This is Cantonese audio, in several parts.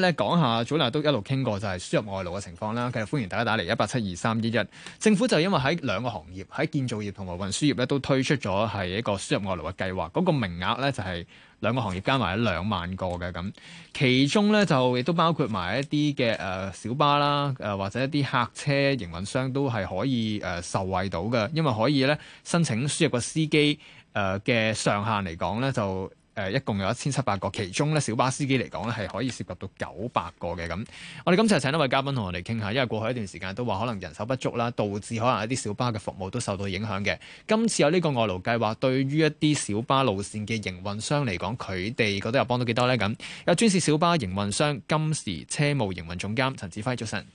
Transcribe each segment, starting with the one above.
誒講下，早前都一路傾過就係輸入外勞嘅情況啦。其實歡迎大家打嚟一八七二三一一。172, 3, 1，政府就因為喺兩個行業，喺建造業同埋運輸業咧都推出咗係一個輸入外勞嘅計劃。嗰、那個名額咧就係兩個行業加埋一兩萬個嘅咁。其中咧就亦都包括埋一啲嘅誒小巴啦，誒、呃、或者一啲客車營運商都係可以誒、呃、受惠到嘅，因為可以咧申請輸入個司機誒嘅上限嚟講咧就。誒一共有一千七百個，其中咧小巴司機嚟講咧係可以涉及到九百個嘅。咁我哋今次係請一位嘉賓同我哋傾下，因為過去一段時間都話可能人手不足啦，導致可能一啲小巴嘅服務都受到影響嘅。今次有呢個外勞計劃，對於一啲小巴路線嘅營運商嚟講，佢哋覺得又幫到幾多少呢？咁有專線小巴營運商金匙車務營運總監陳志輝早晨。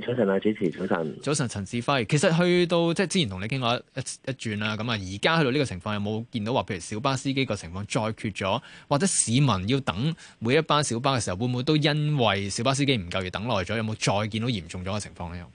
早晨啊，主持，早晨。早晨，陳志輝。其實去到即係之前同你傾過一一一轉啦，咁啊，而家去到呢個情況有冇見到話，譬如小巴司機個情況再缺咗，或者市民要等每一班小巴嘅時候，會唔會都因為小巴司機唔夠而等耐咗？有冇再見到嚴重咗嘅情況呢？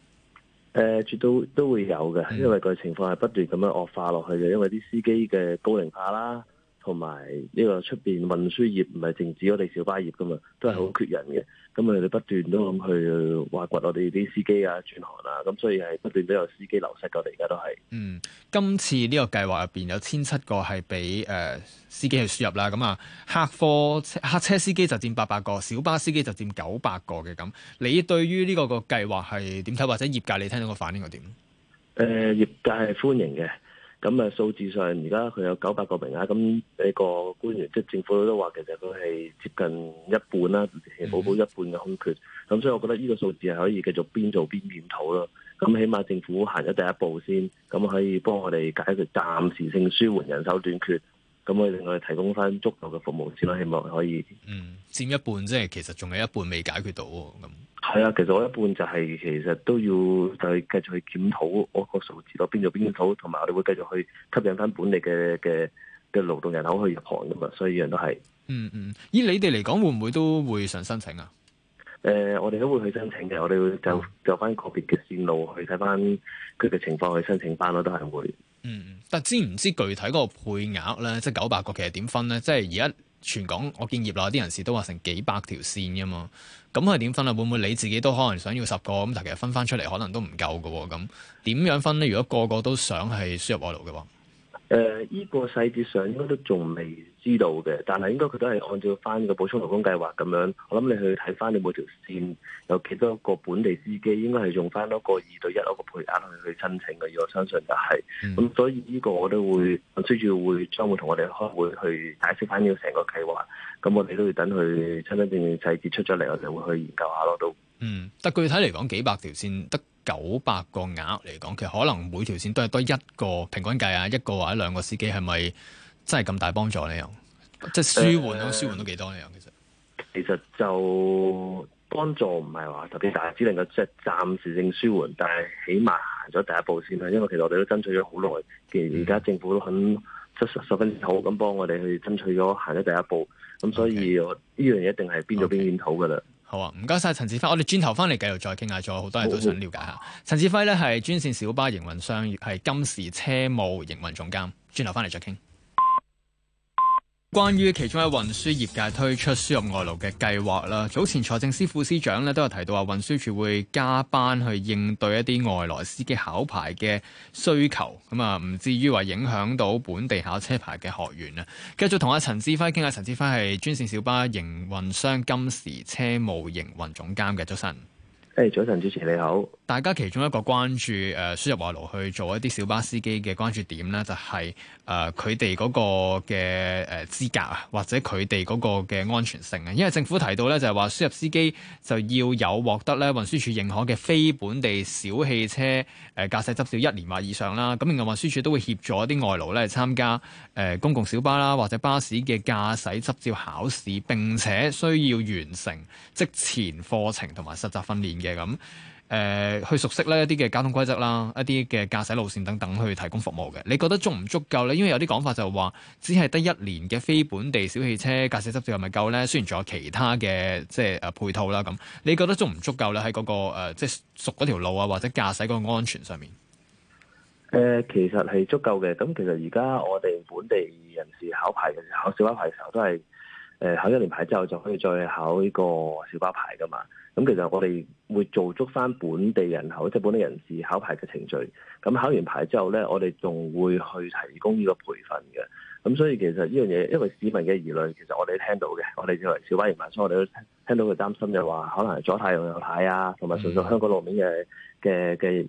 誒、呃，絕對都會有嘅，因為個情況係不斷咁樣惡化落去嘅，因為啲司機嘅高齡化啦，同埋呢個出邊運輸業唔係淨止我哋小巴業噶嘛，都係好缺人嘅。嗯咁啊！你不斷都咁去挖掘我哋啲司機啊、轉行啊，咁所以係不斷都有司機流失。我哋而家都係嗯，今次呢個計劃入面有千七個係俾、呃、司機去輸入啦。咁啊，客貨、客車司機就佔八百個，小巴司機就佔九百個嘅咁。你對於呢個個計劃係點睇？或者業界你聽到個反應又點？誒、呃，業界係歡迎嘅。咁啊，數字上而家佢有九百個名額，咁呢個官員即政府都話，其實佢係接近一半啦，係保保一半嘅空缺，咁所以我覺得呢個數字係可以繼續邊做邊檢討咯。咁起碼政府行咗第一步先，咁可以幫我哋解決暫時性舒緩人手短缺。咁我哋我哋提供翻足夠嘅服務先啦，希望可以嗯佔一半即，即係其實仲有一半未解決到咁。係啊、嗯，其實我一半就係、是、其實都要就繼續去檢討我個數字，我邊度邊度討，同埋我哋會繼續去吸引翻本地嘅嘅嘅勞動人口去入行噶嘛，所以依樣都係。嗯嗯，以你哋嚟講會唔會都會想申請啊？誒、呃，我哋都會去申請嘅，我哋會就就翻個別嘅線路去睇翻佢嘅情況去申請翻咯，都係會。嗯，但知唔知具體嗰個配額咧，即九百個其實點分咧？即係而家全港我見業內啲人士都話成幾百條線噶嘛，咁佢點分啊？會唔會你自己都可能想要十個咁？但其實分翻出嚟可能都唔夠㗎喎。咁點樣分呢？如果個個都想係輸入我度嘅話？誒、呃、依、這個細節上應該都仲未知道嘅，但係應該佢都係按照翻個補充勞工計劃咁樣。我諗你去睇翻你每條線有幾多個本地司機，應該係用翻多個二對一一個配額去去申請嘅。我相信就係、是。咁、嗯、所以呢個我都會我需要會將會同我哋開會去解釋翻呢個成個計劃。咁我哋都要等佢真真正正細節出咗嚟，我哋會去研究一下咯。都。嗯，但具體嚟講，幾百條線得。九百個額嚟講，其實可能每條線都係多一個平均計啊，一個或者兩個司機係咪真係咁大幫助咧？又即係舒緩都、呃、舒緩到幾多呢？又其實其實就幫助唔係話特別大，只能夠即係暫時性舒緩，但係起碼行咗第一步先啦。因為其實我哋都爭取咗好耐，而而家政府都肯即係十分之好咁幫我哋去爭取咗行咗第一步，咁、嗯、所以我呢樣嘢一定係邊做邊檢討噶啦。嗯 okay. 好啊，唔該晒陳志輝，我哋轉頭翻嚟繼續再傾下，仲有好多嘢都想了解下。陳志輝咧係專線小巴營運商，係金匙車務營運總監。轉頭翻嚟再傾。關於其中喺運輸業界推出輸入外勞嘅計劃啦，早前財政司副司長咧都有提到話，運輸處會加班去應對一啲外來司機考牌嘅需求，咁啊唔至於話影響到本地考車牌嘅學員啊。繼續同阿陳志輝傾下，陳志輝係專線小巴營運商金匙車務營運總監嘅早晨。Hey, 早晨，主持你好。大家其中一個關注誒，輸入外勞去做一啲小巴司機嘅關注點呢，就係誒佢哋嗰個嘅誒資格啊，或者佢哋嗰個嘅安全性啊。因為政府提到呢，就係話輸入司機就要有獲得呢運輸署認可嘅非本地小汽車誒駕駛執照一年或以上啦。咁另外運輸署都會協助一啲外勞呢參加誒公共小巴啦，或者巴士嘅駕駛執照考試，並且需要完成職前課程同埋實習訓練。嘅咁，誒，去熟悉呢一啲嘅交通規則啦，一啲嘅駕駛路線等等，去提供服務嘅。你覺得足唔足夠呢？因為有啲講法就話，只係得一年嘅非本地小汽車駕駛執照係咪夠呢？雖然仲有其他嘅即係誒配套啦，咁你覺得足唔足夠呢？喺嗰個，誒，即係熟嗰條路啊，或者駕駛個安全上面？誒，其實係足夠嘅。咁其實而家我哋本地人士考牌嘅時候，考小巴牌嘅時候都係。誒考一年牌之後就可以再考呢個小巴牌噶嘛，咁、嗯、其實我哋會做足翻本地人口，即、就、係、是、本地人士考牌嘅程序。咁、嗯、考完牌之後咧，我哋仲會去提供呢個培訓嘅。咁、嗯、所以其實呢樣嘢，因為市民嘅疑慮，其實我哋聽到嘅，我哋認為小巴營牌，所以我哋都聽到佢擔心就話，可能係左軚右軚啊，同埋純粹香港路面嘅嘅嘅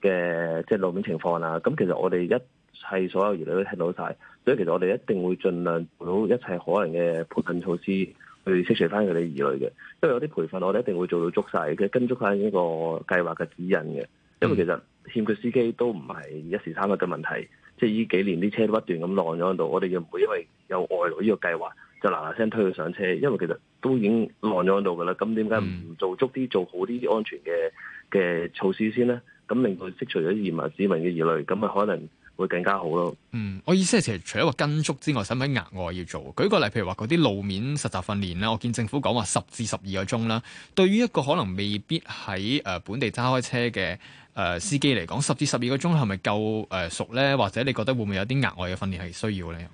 嘅即係路面情況啊。咁、嗯、其實我哋一係所有疑慮都聽到晒，所以其實我哋一定會盡量做到一切可能嘅培訓措施去消除翻佢哋疑慮嘅。因為有啲培訓，我哋一定會做到捉晒，嘅，跟足翻呢個計劃嘅指引嘅。因為其實欠缺司機都唔係一時三刻嘅問題，即係呢幾年啲車都不斷咁浪咗喺度。我哋又唔會因為有外勞呢個計劃就嗱嗱聲推佢上車，因為其實都已經浪咗喺度噶啦。咁點解唔做足啲做好啲安全嘅嘅措施先呢？咁令佢消除咗疑市民嘅疑慮，咁啊可能。會更加好咯。嗯，我意思係其實除咗個跟足之外，使唔使額外要做？舉個例，譬如話嗰啲路面實習訓練啦，我見政府講話十至十二個鐘啦。對於一個可能未必喺誒本地揸開車嘅誒司機嚟講，十至十二個鐘係咪夠誒熟咧？或者你覺得會唔會有啲額外嘅訓練係需要咧？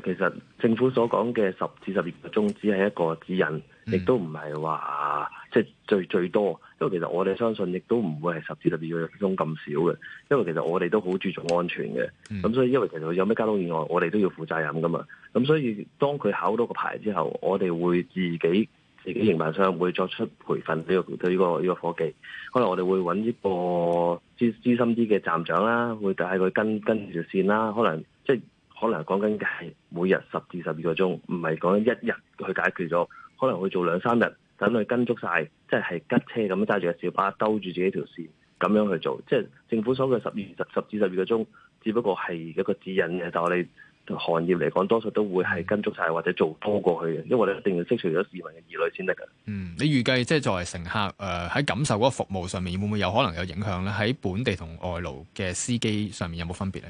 其實政府所講嘅十至十二個鐘只係一個指引，亦都唔係話即係最最多。因為其實我哋相信亦都唔會係十至十二個鐘咁少嘅。因為其實我哋都好注重安全嘅，咁、嗯、所以因為其實有咩交通意外，我哋都要負責任噶嘛。咁所以當佢考到個牌之後，我哋會自己自己營辦商會作出培訓呢、呢個呢、呢個呢、呢個伙計、呢個。可能我哋會揾一個資資深啲嘅站長啦，會帶佢跟跟條線啦。可能即係。可能講緊嘅係每日十至十二個鐘，唔係講一日去解決咗。可能去做兩三日，等佢跟足晒，即係係吉車咁揸住隻小巴，兜住自己條線咁樣去做。即係政府所謂十二十十至十二個鐘，只不過係一個指引嘅。但我哋行業嚟講，多數都會係跟足晒或者做多過去嘅。因為你一定要釋除咗市民嘅疑慮先得㗎。嗯，你預計即係作為乘客喺、呃、感受嗰服務上面會唔會有可能有影響咧？喺本地同外勞嘅司機上面有冇分別呢？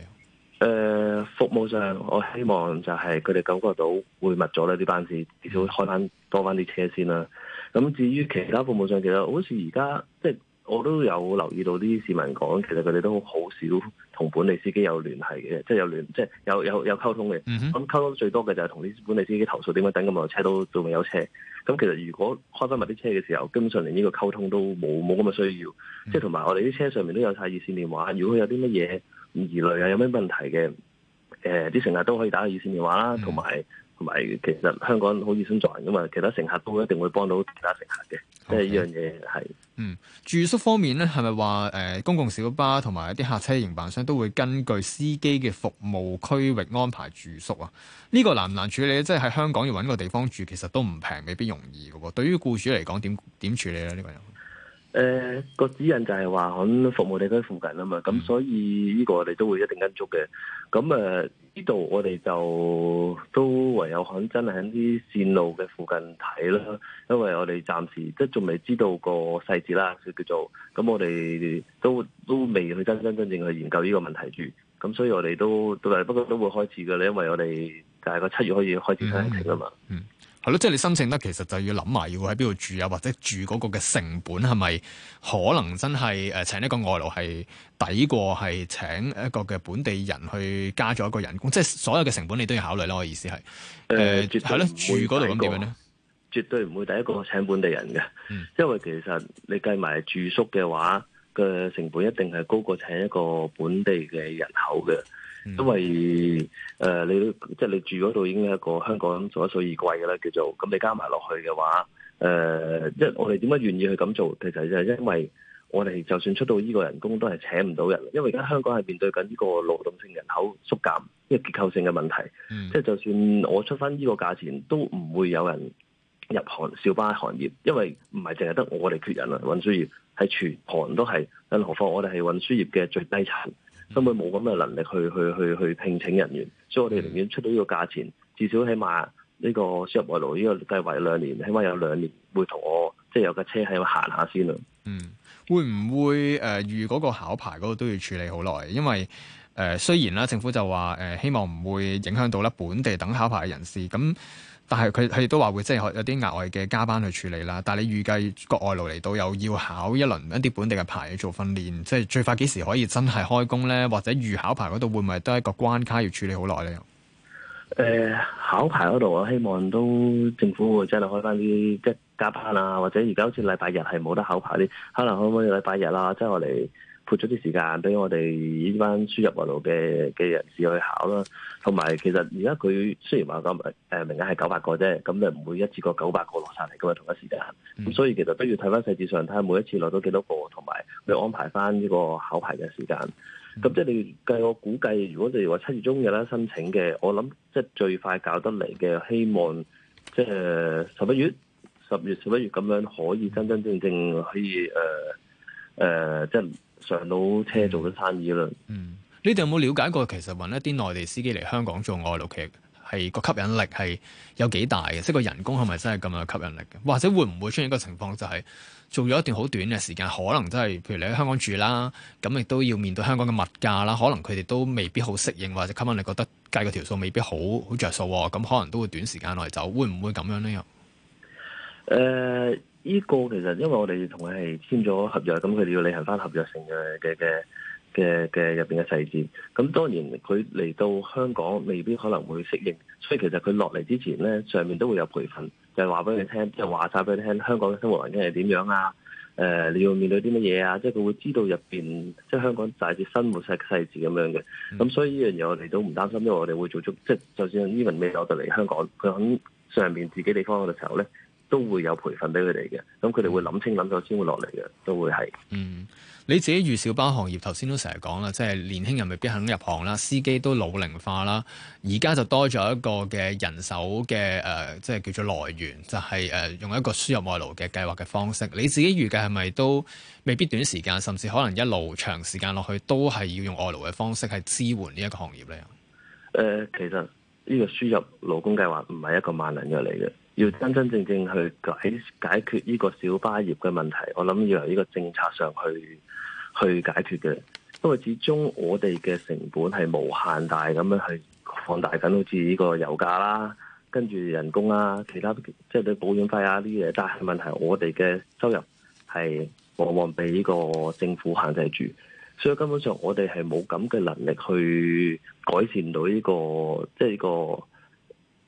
誒、呃、服務上，我希望就係佢哋感覺到會密咗呢啲班次，至少開翻多翻啲車先啦。咁至於其他服務上，其實好似而家即我都有留意到啲市民講，其實佢哋都好少同本地司機有聯繫嘅，即有聯，即有有有溝通嘅。咁、mm -hmm. 嗯、溝通最多嘅就係同啲本地司機投訴點解等咁耐車都仲未有車。咁其實如果開翻密啲車嘅時候，基本上連呢個溝通都冇冇咁嘅需要。Mm -hmm. 即同埋我哋啲車上面都有晒熱線電話，如果有啲乜嘢，疑慮啊，有咩問題嘅？誒、呃，啲乘客都可以打個熱線電話啦，同埋同埋，其實香港好熱心助人噶嘛，其他乘客都一定會幫到其他乘客嘅，即係呢樣嘢係。嗯，住宿方面咧，係咪話誒公共小巴同埋一啲客車營辦商都會根據司機嘅服務區域安排住宿啊？呢、呢個難唔難處理咧？即係喺香港要揾個地方住，其實都唔平，未必容易嘅喎。對於僱主嚟講，點點處理咧？呢個人。誒、呃，個指引就係話喺服務地區附近啊嘛，咁所以呢個我哋都會一定跟足嘅。咁誒，呢、呃、度我哋就都唯有肯真係喺啲線路嘅附近睇啦，因為我哋暫時即係仲未知道個細節啦，佢叫做咁，我哋都都未去真真正正去研究呢個問題住。咁所以我哋都不過都會開始噶啦，因為我哋大概七月可以開始申請啊嘛。嗯嗯嗯係咯，即係你申請得，其實就要諗埋要喺邊度住啊，或者住嗰個嘅成本係咪可能真係誒請一個外勞係抵過係請一個嘅本地人去加咗一個人工，即係所有嘅成本你都要考慮咯。我意思係誒係咯，住嗰度咁點樣咧？絕對唔、呃、會、會第一個請本地人嘅、嗯，因為其實你計埋住宿嘅話嘅成本一定係高過請一個本地嘅人口嘅。嗯、因為誒、呃，你即係你住嗰度已經係一個香港數一數二貴嘅啦，叫做咁你加埋落去嘅話，誒、呃，即係我哋點解願意去咁做？其實就係因為我哋就算出到依個人工，都係請唔到人，因為而家香港係面對緊呢個勞動性人口縮減，即係呢個結構性嘅問題。嗯、即係就算我出翻呢個價錢，都唔會有人入行小巴行業，因為唔係淨係得我哋缺人啊，運輸業係全行都係，更何況我哋係運輸業嘅最低層。根本冇咁嘅能力去去去去聘請人員，所以我哋寧願出到呢個價錢、嗯，至少起碼呢個輸入外勞呢個計劃兩年，起碼有兩年會同我即係、就是、有架車喺度行下先啦。嗯，會唔會誒、呃、預嗰個考牌嗰度都要處理好耐？因為誒、呃、雖然啦，政府就話誒、呃、希望唔會影響到咧本地等考牌嘅人士咁。但係佢佢都話會即係有啲額外嘅加班去處理啦。但你預計國外勞嚟到又要考一輪一啲本地嘅牌去做訓練，即係最快幾時可以真係開工咧？或者預考牌嗰度會唔會都係一個關卡要處理好耐咧？又、欸、考牌嗰度我希望都政府會真係開翻啲即加班啊，或者而家好似禮拜日係冇得考牌啲，可能可唔可以禮拜日啦、啊、即係我哋。撥出啲時間俾我哋呢班輸入外勞嘅嘅人士去考啦，同埋其實而家佢雖然話咁誒名額係九百個啫，咁你唔會一次過九百個落晒嚟嘅嘛，同一時間，咁、嗯、所以其實不如睇翻細節上，睇下每一次攞到幾多個，同埋你安排翻呢個考牌嘅時間。咁即係你計我估計，如果你話七月中日啦申請嘅，我諗即係最快搞得嚟嘅，希望即係十一月、十月、十一月咁樣可以真真正正可以誒。呃誒、呃，即係上到車做緊生意啦。嗯，你哋有冇了解過？其實揾一啲內地司機嚟香港做外勞，其實係個吸引力係有幾大嘅。即係個人工係咪真係咁有吸引力嘅？或者會唔會出現一個情況，就係、是、做咗一段好短嘅時間，可能真、就、係、是，譬如你喺香港住啦，咁亦都要面對香港嘅物價啦。可能佢哋都未必好適應，或者吸引力覺得計個條數未必好好著數喎。咁、啊、可能都會短時間內走。會唔會咁樣呢？又、呃、誒。呢、這個其實因為我哋同佢係簽咗合約，咁佢哋要履行翻合約性嘅嘅嘅嘅嘅入邊嘅細節。咁當然佢嚟到香港未必可能會適應，所以其實佢落嚟之前咧，上面都會有培訓，就係話俾你聽，即係話晒俾你聽香港嘅生活環境係點樣啊，誒、呃，你要面對啲乜嘢啊，即係佢會知道入邊即係香港大致生活細細節咁樣嘅。咁所以呢樣嘢我哋都唔擔心，因為我哋會做足，即、就、係、是、就算 even 未落嚟香港，佢喺上面自己嘅地方嘅時候咧。都會有培訓俾佢哋嘅，咁佢哋會諗清諗楚先會落嚟嘅，都會係。嗯，你自己預小巴行業，頭先都成日講啦，即係年輕人未必肯入行啦，司機都老齡化啦，而家就多咗一個嘅人手嘅誒、呃，即係叫做來源，就係、是、誒用一個輸入外勞嘅計劃嘅方式。你自己預計係咪都未必短時間，甚至可能一路長時間落去都係要用外勞嘅方式去支援呢一個行業咧？誒、呃，其實呢個輸入勞工計劃唔係一個萬能藥嚟嘅。要真真正正去解解決呢個小巴業嘅問題，我諗要由呢個政策上去去解決嘅。因為始終我哋嘅成本係無限大咁樣去放大緊好似呢個油價啦，跟住人工啊，其他即係對保險費啊呢啲嘢。但係問題我哋嘅收入係往往俾呢個政府限制住，所以根本上我哋係冇咁嘅能力去改善到呢個即係呢個。就是這個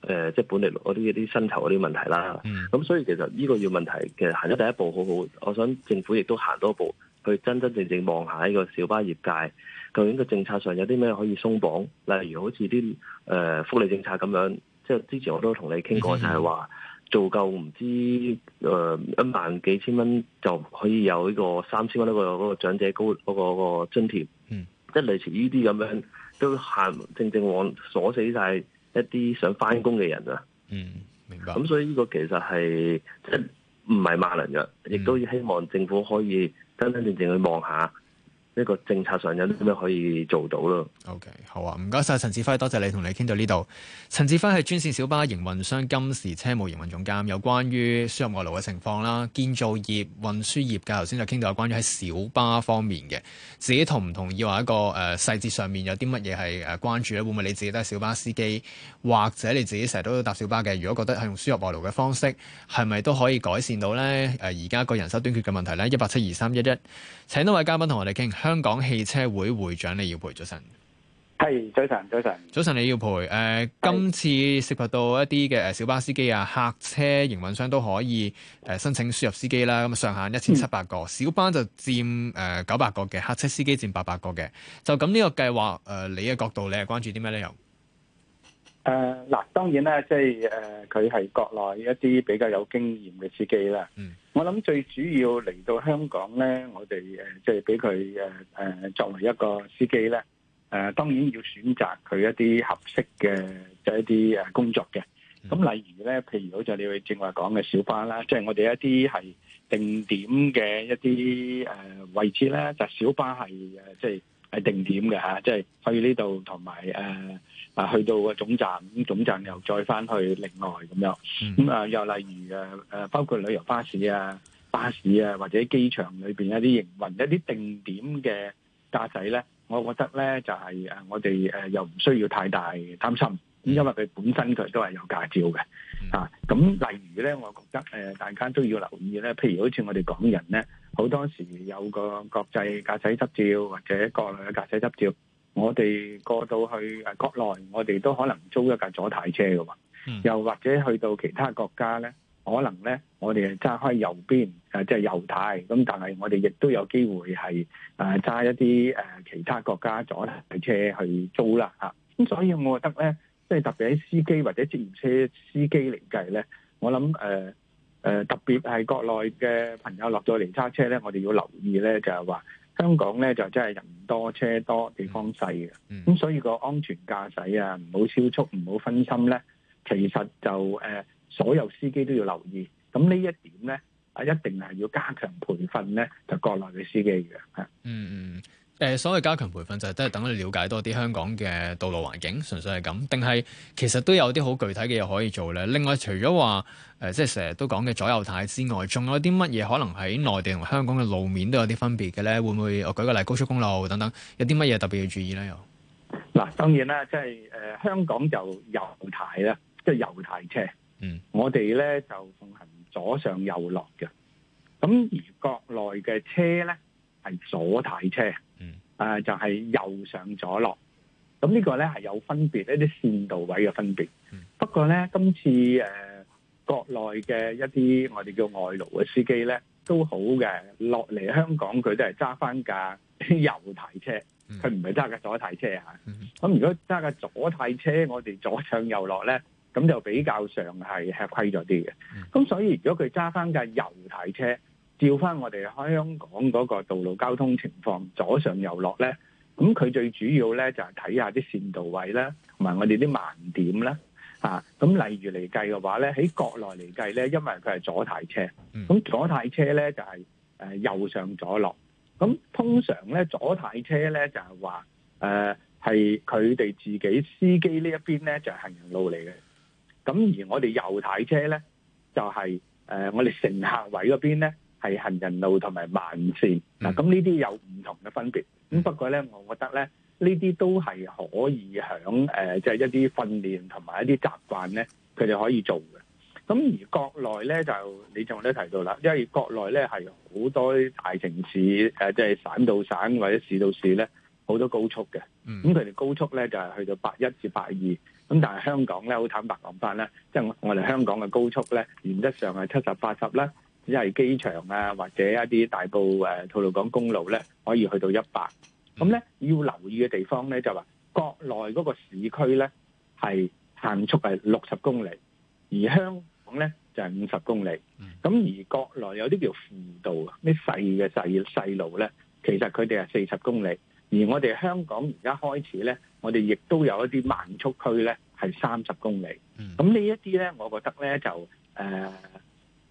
誒、呃，即係本嚟嗰啲一啲薪酬嗰啲問題啦。咁、嗯嗯、所以其實呢個要問題，其實行咗第一步好好。我想政府亦都行多一步，去真真正正望下呢個小巴業界，究竟個政策上有啲咩可以鬆綁？例如好似啲誒福利政策咁樣，即係之前我都同你傾過，嗯、就係、是、話做夠唔知誒、呃、一萬幾千蚊就可以有呢個三千蚊一個嗰長者高嗰、那個那個津貼。即係類似呢啲咁樣，都行正正往鎖死晒。一啲想返工嘅人啊，嗯，明白。咁、嗯、所以呢個其實係即係唔係萬能嘅，亦都要希望政府可以真真正正去望下。呢、這個政策上有啲咩可以做到咯？OK，好啊，唔該晒。陳志輝，多謝你同你傾到呢度。陳志輝係專線小巴營運商金匙車務營運總監，有關於輸入外勞嘅情況啦，建造業、運輸業嘅頭先就傾到有關於喺小巴方面嘅，自己同唔同意話一個誒、呃、細節上面有啲乜嘢係誒關注咧？會唔會你自己都係小巴司機，或者你自己成日都搭小巴嘅？如果覺得係用輸入外勞嘅方式，係咪都可以改善到咧？誒、呃，而家個人手短缺嘅問題咧，一八七二三一一，請多位嘉賓同我哋傾。香港汽車會會長李耀培早晨，係早晨早晨、早晨李耀培。誒、呃,今次涉及到一啲嘅小巴司機啊、客車營運商都可以誒申請輸入司機啦，咁上限一千七百個，嗯、小巴就佔誒九百個嘅，客車司機佔八百個嘅，就咁呢個計劃誒，你嘅角度你係關注啲咩內容？誒，嗱，當然啦，即係誒，佢、呃、係國內一啲比較有經驗嘅司機啦。嗯，我諗最主要嚟到香港咧，我哋誒，即係俾佢誒誒，作為一個司機咧，誒、呃，當然要選擇佢一啲合適嘅即係一啲誒工作嘅。咁、嗯、例如咧，譬如好似你會正話講嘅小巴啦，即、就、係、是、我哋一啲係定點嘅一啲誒位置咧，就是、小巴係誒即係。就是喺定點嘅嚇，即係去呢度同埋誒啊，去到個總站，總站又再翻去另外咁樣咁啊、嗯呃，又例如誒、呃、包括旅遊巴士啊、巴士啊，或者機場裏面一啲營運一啲定點嘅駕駛咧，我覺得咧就係、是、誒我哋誒又唔需要太大擔心。咁因為佢本身佢都係有駕照嘅，啊咁例如咧，我覺得誒、呃、大家都要留意咧。譬如好似我哋港人咧，好多時有個國際駕駛執照或者國內嘅駕駛執照，我哋過到去誒、啊、國內，我哋都可能租一架左軚車嘅喎、嗯。又或者去到其他國家咧，可能咧我哋揸開右邊誒即係右軚，咁但係我哋亦都有機會係誒揸一啲誒、啊、其他國家左軚車去租啦，啊咁所以我覺得咧。即係特別喺司機或者接完車司機嚟計咧，我諗誒誒特別係國內嘅朋友落咗嚟揸車咧，我哋要留意咧，就係話香港咧就真係人多車多地方細嘅。咁、嗯、所以個安全駕駛啊，唔好超速，唔好分心咧，其實就誒、呃、所有司機都要留意，咁呢一點咧啊一定係要加強培訓咧，就國內嘅司機嘅嚇。嗯嗯。誒，所謂加強培訓就係都係等你了解多啲香港嘅道路環境，純粹係咁，定係其實都有啲好具體嘅嘢可以做咧？另外除了說，除咗話誒，即係成日都講嘅左右軚之外，仲有啲乜嘢可能喺內地同香港嘅路面都有啲分別嘅咧？會唔會？我舉個例，高速公路等等，有啲乜嘢特別要注意咧？又嗱，當然啦，即係誒香港就右軚啦，即係右軚車。嗯，我哋咧就奉行左上右落嘅。咁而國內嘅車咧。係左軚車，嗯，誒，就係、是、右上左落，咁呢個咧係有分別，一啲綫道位嘅分別。不過咧今次誒、呃，國內嘅一啲我哋叫外勞嘅司機咧，都好嘅，落嚟香港佢都係揸翻架右軚車，佢唔係揸架左軚車啊。咁如果揸架左軚車，我哋左上右落咧，咁就比較上係吃虧咗啲嘅。咁所以如果佢揸翻架右軚車。照翻我哋香港嗰個道路交通情況，左上右落咧，咁佢最主要咧就係睇下啲線道位啦，同埋我哋啲盲點啦，咁、啊、例如嚟計嘅話咧，喺國內嚟計咧，因為佢係左軚車，咁、嗯、左軚車咧就係右上左落。咁通常咧左軚車咧就係話係佢哋自己司機呢一邊咧就係行人路嚟嘅，咁而我哋右軚車咧就係我哋乘客位嗰邊咧，係行人路同埋慢線嗱，咁呢啲有唔同嘅分別。咁不過咧，我覺得咧，呢啲都係可以響誒，即係一啲訓練同埋一啲習慣咧，佢哋可以做嘅。咁而國內咧就，你仲都提到啦，因為國內咧係好多大城市誒，即係省到省或者市到市咧，好多高速嘅。咁佢哋高速咧就係去到八一至八二。咁但係香港咧，好坦白講翻咧，即係我哋香港嘅高速咧，原則上係七十八十啦。只係機場啊，或者一啲大埔誒吐露港公路咧，可以去到一百。咁咧要留意嘅地方咧，就話國內嗰個市區咧係限速係六十公里，而香港咧就係五十公里。咁而國內有啲叫輔道啊，啲細嘅細細路咧，其實佢哋係四十公里。而我哋香港而家開始咧，我哋亦都有一啲慢速區咧係三十公里。咁呢一啲咧，我覺得咧就誒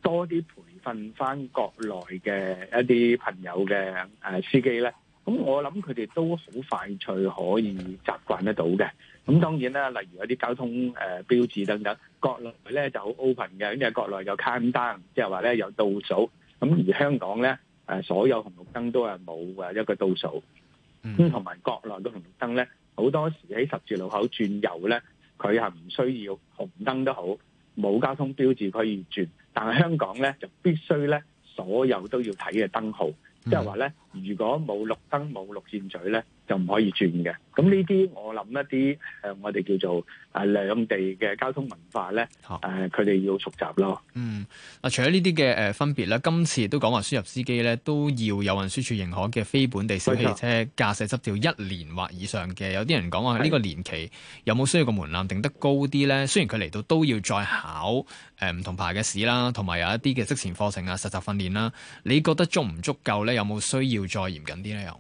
多啲陪訓翻國內嘅一啲朋友嘅司機咧，咁我諗佢哋都好快脆可以習慣得到嘅。咁當然啦，例如有啲交通誒標誌等等，國內咧就好 open 嘅，因為國內有 count down，即係話咧有倒數。咁而香港咧所有紅綠燈都係冇誒一個倒數。咁同埋國內嘅紅綠燈咧，好多時喺十字路口轉右咧，佢係唔需要紅燈都好，冇交通標誌可以轉。但係香港咧，就必須咧，所有都要睇嘅燈號，即係話咧，如果冇綠燈冇綠箭嘴咧。就唔可以轉嘅，咁呢啲我諗一啲、呃、我哋叫做誒、啊、兩地嘅交通文化咧，呃、佢哋要熟習咯。嗯，嗱除咗呢啲嘅分別咧，今次都講話輸入司機咧都要有運輸署認可嘅非本地小汽車駕駛執照一年或以上嘅。有啲人講話呢個年期有冇需要個門檻定得高啲咧？雖然佢嚟到都要再考唔同牌嘅試啦，同埋有一啲嘅職前課程啊、實習訓練啦。你覺得足唔足夠咧？有冇需要再嚴謹啲咧？又？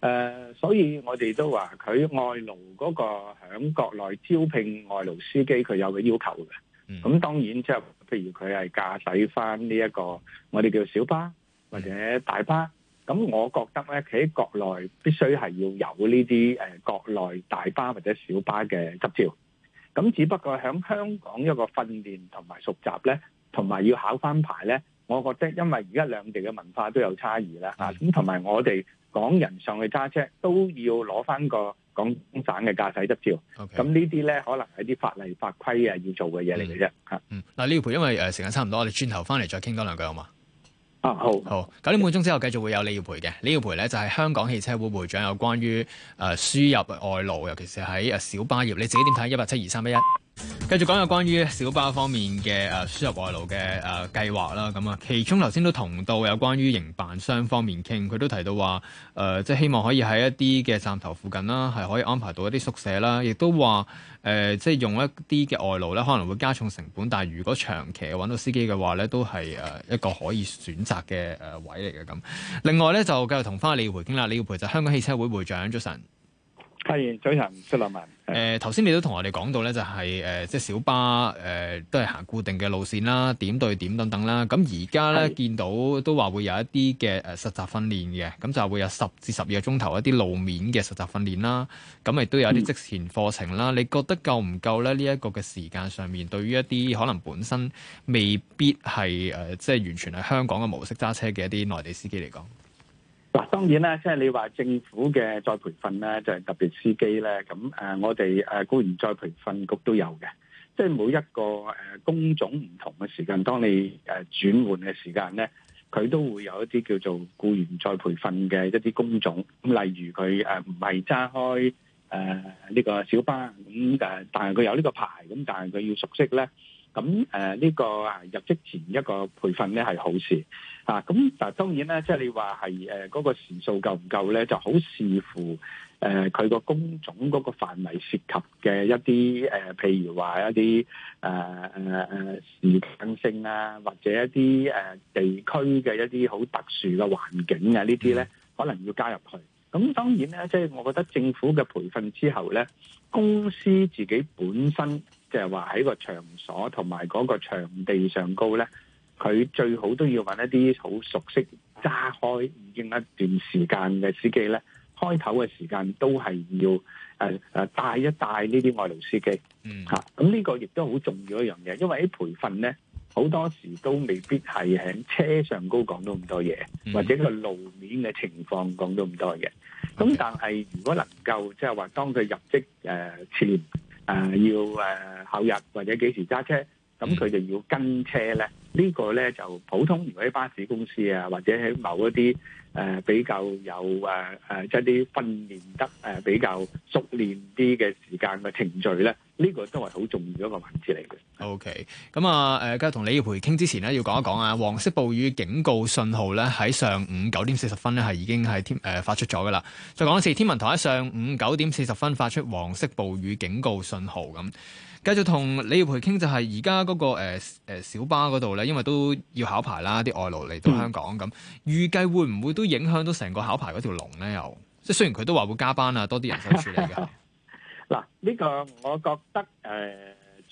誒、uh，所以我哋都話佢外勞嗰個喺國內招聘外勞司機，佢有個要求嘅。咁、mm -hmm. 當然即、就、係、是，譬如佢係駕駛翻呢一個我哋叫小巴或者大巴。咁、mm -hmm. 我覺得咧，佢喺國內必須係要有呢啲誒國內大巴或者小巴嘅執照。咁只不過喺香港一個訓練同埋熟習咧，同埋要考翻牌咧。我覺得，因為而家兩地嘅文化都有差異啦，嚇，咁同埋我哋港人上去揸車都要攞翻個廣東省嘅駕駛執照。Okay，咁呢啲咧，可能係啲法例法規啊要做嘅嘢嚟嘅啫。嚇，嗯，嗱、嗯，李耀培，因為誒時間差唔多，我哋轉頭翻嚟再傾多兩句好嘛？啊，好好，九點半鐘之後繼續會有李耀培嘅。李耀培咧就係香港汽車會會長，有關於誒輸入外勞，尤其是喺誒小巴業，你自己點睇？一八七二三一一。繼續講有關於小巴方面嘅，誒輸入外勞嘅誒計劃啦，咁啊，其中頭先都同到有關於營辦商方面傾，佢都提到話誒、呃，即係希望可以喺一啲嘅站頭附近啦，係可以安排到一啲宿舍啦，亦都話誒，即係用一啲嘅外勞咧，可能會加重成本，但係如果長期揾到司機嘅話咧，都係誒一個可以選擇嘅誒位嚟嘅咁。另外咧就繼續同翻李耀培傾啦，李耀培就香港汽車會會長，早晨。係，早晨出，謝立文。誒、呃，頭先你都同我哋講到咧、就是呃，就係誒，即係小巴誒、呃，都係行固定嘅路線啦，點對點等等啦。咁而家咧見到都話會有一啲嘅誒實習訓練嘅，咁就會有十至十二個鐘頭一啲路面嘅實習訓練啦。咁亦都有一啲職前課程啦、嗯。你覺得夠唔夠咧？呢、這個、一個嘅時間上面，對於一啲可能本身未必係誒，即、呃、係、就是、完全係香港嘅模式揸車嘅一啲內地司機嚟講？嗱，當然啦，即係你話政府嘅再培訓咧，就係特別司機咧。咁誒，我哋誒僱員再培訓局都有嘅，即係每一個誒工種唔同嘅時間，當你誒轉換嘅時間咧，佢都會有一啲叫做僱員再培訓嘅一啲工種。咁例如佢誒唔係揸開誒呢個小巴，咁誒，但係佢有呢個牌，咁但係佢要熟悉咧。咁誒呢個入職前一個培訓咧係好事咁、啊、嗱，當然咧，即、就、係、是、你話係誒嗰個時數夠唔夠咧，就好視乎誒佢個工種嗰個範圍涉及嘅一啲誒，譬、呃、如話一啲誒誒誒時間性啊，或者一啲誒、呃、地區嘅一啲好特殊嘅環境啊，呢啲咧可能要加入去。咁當然咧，即、就、係、是、我覺得政府嘅培訓之後咧，公司自己本身。即係話喺個場所同埋嗰個場地上高咧，佢最好都要搵一啲好熟悉揸開,開已經一段時間嘅司機咧，開頭嘅時間都係要誒誒、呃、帶一帶呢啲外勞司機嚇。咁、嗯、呢、啊、個亦都好重要一樣嘢，因為喺培訓咧好多時都未必係喺車上高講到咁多嘢、嗯，或者個路面嘅情況講到咁多嘢。咁、okay. 但係如果能夠即係話當佢入職誒、呃、前。誒、呃、要誒後日或者幾時揸車？咁佢就要跟車咧，呢個咧就普通，如果喺巴士公司啊，或者喺某一啲誒比較有誒誒，即係啲訓練得誒比較熟練啲嘅時間嘅程序咧，呢個都係好重要一個環節嚟嘅。OK，咁啊誒，繼續同李耀培傾之前咧，要講一講啊，黃色暴雨警告信號咧，喺上午九點四十分咧，係已經係天誒發出咗㗎喇。再講一次，天文台喺上午九點四十分發出黃色暴雨警告信號咁。繼續同李耀培傾就係而家嗰個誒小巴嗰度咧，因為都要考牌啦，啲外勞嚟到香港咁，預計會唔會都影響到成個考牌嗰條龍咧？又即係雖然佢都話會加班啊，多啲人手處理嘅。嗱，呢個我覺得誒，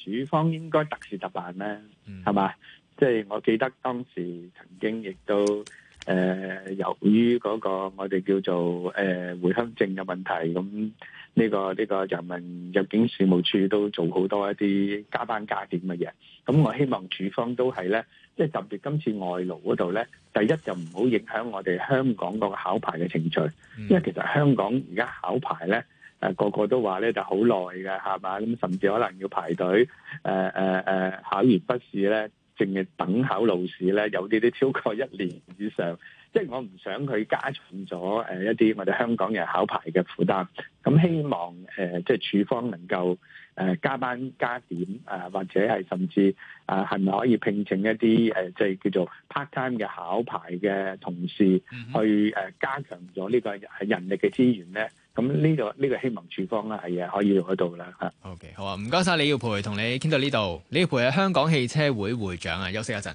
主、呃、方應該特事特辦咧，係、嗯、嘛？即係、就是、我記得當時曾經亦都誒、呃，由於嗰個我哋叫做誒、呃、回鄉證嘅問題咁。呢、這個呢、這個人民入境事務處都做好多一啲加班加點嘅嘢，咁我希望處方都係咧，即係特別今次外勞嗰度咧，第一就唔好影響我哋香港個考牌嘅程序，嗯，因為其實香港而家考牌咧，誒、呃、個個都話咧就好耐嘅係嘛？咁甚至可能要排隊，誒誒誒考完筆試咧，淨係等考路試咧，有啲啲超過一年以上。即係我唔想佢加重咗誒一啲我哋香港人考牌嘅負擔，咁希望誒、呃、即係處方能夠誒、呃、加班加點誒、呃，或者係甚至啊係咪可以聘請一啲誒即係叫做 part time 嘅考牌嘅同事去誒、嗯呃、加強咗呢個係人力嘅資源咧？咁呢、呢個呢、呢個希望處方啦，係啊可以用得到啦吓。OK，好啊，唔該晒李耀培，同你傾到呢度。李耀培係香港汽車會會長啊，休息一陣。